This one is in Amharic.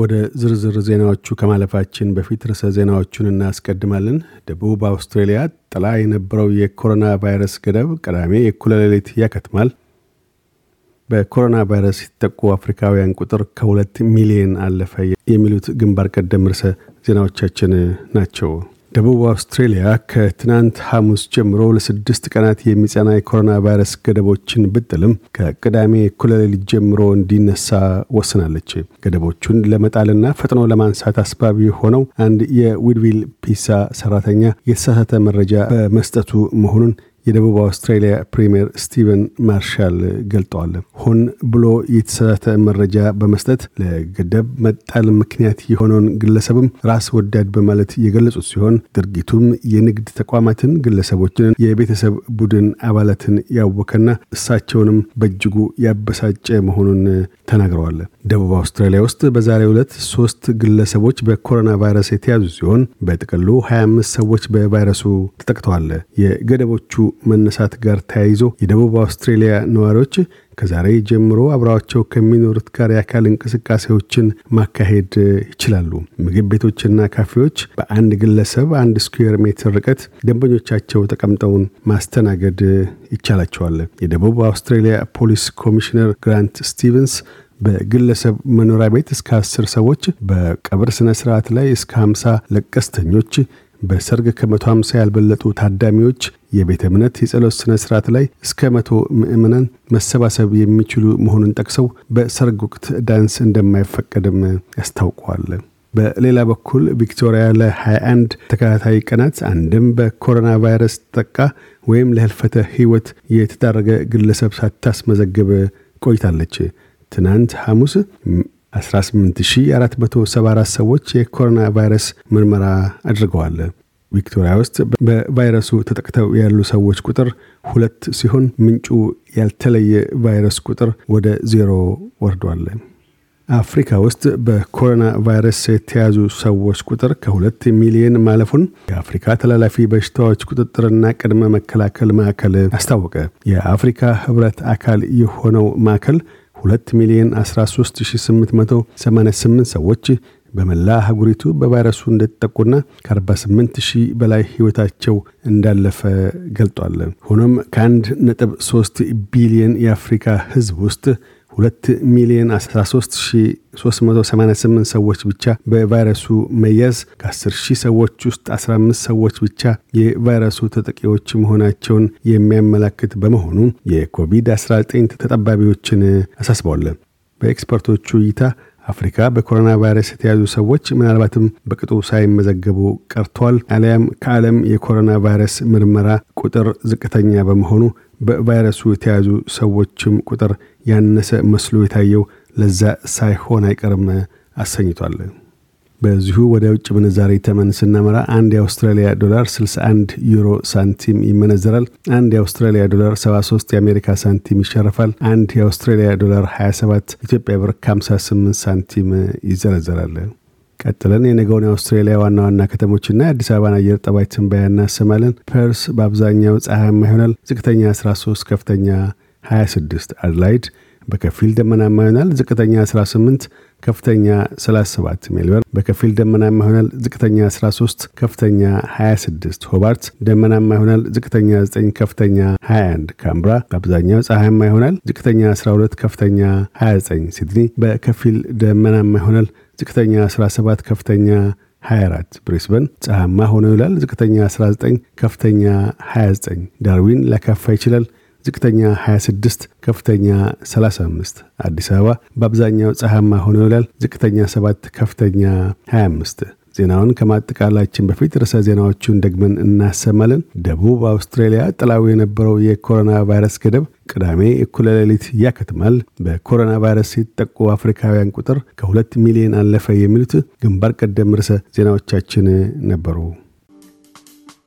ወደ ዝርዝር ዜናዎቹ ከማለፋችን በፊት ርዕሰ ዜናዎቹን እናስቀድማለን። ደቡብ አውስትሬልያ ጥላ የነበረው የኮሮና ቫይረስ ገደብ ቅዳሜ የኩለሌሊት ያከትማል። በኮሮና ቫይረስ የተጠቁ አፍሪካውያን ቁጥር ከሁለት ሚሊዮን አለፈ። የሚሉት ግንባር ቀደም ርዕሰ ዜናዎቻችን ናቸው። ደቡብ አውስትሬልያ ከትናንት ሐሙስ ጀምሮ ለስድስት ቀናት የሚጸና የኮሮና ቫይረስ ገደቦችን ብጥልም ከቅዳሜ ኩለሌል ጀምሮ እንዲነሳ ወስናለች። ገደቦቹን ለመጣልና ፈጥኖ ለማንሳት አስባቢ የሆነው አንድ የዊድቪል ፒሳ ሰራተኛ የተሳሳተ መረጃ በመስጠቱ መሆኑን የደቡብ አውስትራሊያ ፕሪምየር ስቲቨን ማርሻል ገልጠዋል። ሆን ብሎ የተሳሳተ መረጃ በመስጠት ለገደብ መጣል ምክንያት የሆነውን ግለሰብም ራስ ወዳድ በማለት የገለጹት ሲሆን ድርጊቱም የንግድ ተቋማትን፣ ግለሰቦችን፣ የቤተሰብ ቡድን አባላትን ያወከና እሳቸውንም በእጅጉ ያበሳጨ መሆኑን ተናግረዋል። ደቡብ አውስትራሊያ ውስጥ በዛሬ ሁለት ሶስት ግለሰቦች በኮሮና ቫይረስ የተያዙ ሲሆን በጥቅሉ 25 ሰዎች በቫይረሱ ተጠቅተዋል። የገደቦቹ መነሳት ጋር ተያይዞ የደቡብ አውስትሬሊያ ነዋሪዎች ከዛሬ ጀምሮ አብረዋቸው ከሚኖሩት ጋር የአካል እንቅስቃሴዎችን ማካሄድ ይችላሉ። ምግብ ቤቶችና ካፌዎች በአንድ ግለሰብ አንድ ስኩዌር ሜትር ርቀት ደንበኞቻቸው ተቀምጠውን ማስተናገድ ይቻላቸዋል። የደቡብ አውስትሬሊያ ፖሊስ ኮሚሽነር ግራንት ስቲቨንስ በግለሰብ መኖሪያ ቤት እስከ አስር ሰዎች በቀብር ስነ ስርዓት ላይ እስከ ሀምሳ ለቀስተኞች በሰርግ ከመቶ 150 ያልበለጡ ታዳሚዎች የቤተ እምነት የጸሎት ሥነ ሥርዓት ላይ እስከ መቶ ምእመናን መሰባሰብ የሚችሉ መሆኑን ጠቅሰው በሰርግ ወቅት ዳንስ እንደማይፈቀድም ያስታውቀዋል። በሌላ በኩል ቪክቶሪያ ለ21 ተከታታይ ቀናት አንድም በኮሮና ቫይረስ ተጠቃ ወይም ለህልፈተ ህይወት የተዳረገ ግለሰብ ሳታስመዘግብ ቆይታለች። ትናንት ሐሙስ 18474 ሰዎች የኮሮና ቫይረስ ምርመራ አድርገዋል። ቪክቶሪያ ውስጥ በቫይረሱ ተጠቅተው ያሉ ሰዎች ቁጥር ሁለት ሲሆን ምንጩ ያልተለየ ቫይረስ ቁጥር ወደ ዜሮ ወርዷል። አፍሪካ ውስጥ በኮሮና ቫይረስ የተያዙ ሰዎች ቁጥር ከሁለት ሚሊዮን ማለፉን የአፍሪካ ተላላፊ በሽታዎች ቁጥጥርና ቅድመ መከላከል ማዕከል አስታወቀ። የአፍሪካ ህብረት አካል የሆነው ማዕከል 2 ሚሊዮን 13888 ሰዎች በመላ አህጉሪቱ በቫይረሱ እንደተጠቁና ከ48 ሺህ በላይ ህይወታቸው እንዳለፈ ገልጧል። ሆኖም ከአንድ ነጥብ 3 ቢሊየን የአፍሪካ ህዝብ ውስጥ 2 ሚሊዮን 13388 ሰዎች ብቻ በቫይረሱ መያዝ ከ10 ሺህ ሰዎች ውስጥ 15 ሰዎች ብቻ የቫይረሱ ተጠቂዎች መሆናቸውን የሚያመላክት በመሆኑ የኮቪድ-19 ተጠባቢዎችን አሳስበዋል። በኤክስፐርቶቹ እይታ አፍሪካ በኮሮና ቫይረስ የተያዙ ሰዎች ምናልባትም በቅጡ ሳይመዘገቡ ቀርቷል አሊያም ከዓለም የኮሮና ቫይረስ ምርመራ ቁጥር ዝቅተኛ በመሆኑ በቫይረሱ የተያዙ ሰዎችም ቁጥር ያነሰ መስሎ የታየው ለዛ ሳይሆን አይቀርም አሰኝቷል። በዚሁ ወደ ውጭ ምንዛሬ ተመን ስናመራ አንድ የአውስትራሊያ ዶላር 61 ዩሮ ሳንቲም ይመነዘራል። አንድ የአውስትራሊያ ዶላር 73 የአሜሪካ ሳንቲም ይሸርፋል። አንድ የአውስትራሊያ ዶላር 27 ኢትዮጵያ ብር 58 ሳንቲም ይዘረዘራል። ቀጥለን የነገውን የአውስትሬሊያ ዋና ዋና ከተሞችና የአዲስ አበባን አየር ጠባይ ትንበያ እናሰማለን። ፐርስ በአብዛኛው ፀሐያማ ይሆናል። ዝቅተኛ 13፣ ከፍተኛ 26። አድላይድ በከፊል ደመናማ ይሆናል። ዝቅተኛ 18፣ ከፍተኛ 37። ሜልበርን በከፊል ደመናማ ይሆናል። ዝቅተኛ 13፣ ከፍተኛ 26። ሆባርት ደመናማ ይሆናል። ዝቅተኛ 9፣ ከፍተኛ 21። ካምብራ በአብዛኛው ፀሐያማ ይሆናል። ዝቅተኛ 12፣ ከፍተኛ 29። ሲድኒ በከፊል ደመናማ ይሆናል። ዝቅተኛ 17፣ ከፍተኛ 24 ብሬስበን ፀሐያማ ሆኖ ይውላል። ዝቅተኛ 19፣ ከፍተኛ 29። ዳርዊን ሊያካፋ ይችላል። ዝቅተኛ 26፣ ከፍተኛ 35። አዲስ አበባ በአብዛኛው ፀሐያማ ሆኖ ይውላል። ዝቅተኛ 7፣ ከፍተኛ 25። ዜናውን ከማጠቃላችን በፊት ርዕሰ ዜናዎቹን ደግመን እናሰማለን። ደቡብ አውስትራሊያ ጥላዊ የነበረው የኮሮና ቫይረስ ገደብ ቅዳሜ እኩለ ሌሊት ያከትማል። በኮሮና ቫይረስ የተጠቁ አፍሪካውያን ቁጥር ከሁለት ሚሊዮን አለፈ። የሚሉት ግንባር ቀደም ርዕሰ ዜናዎቻችን ነበሩ።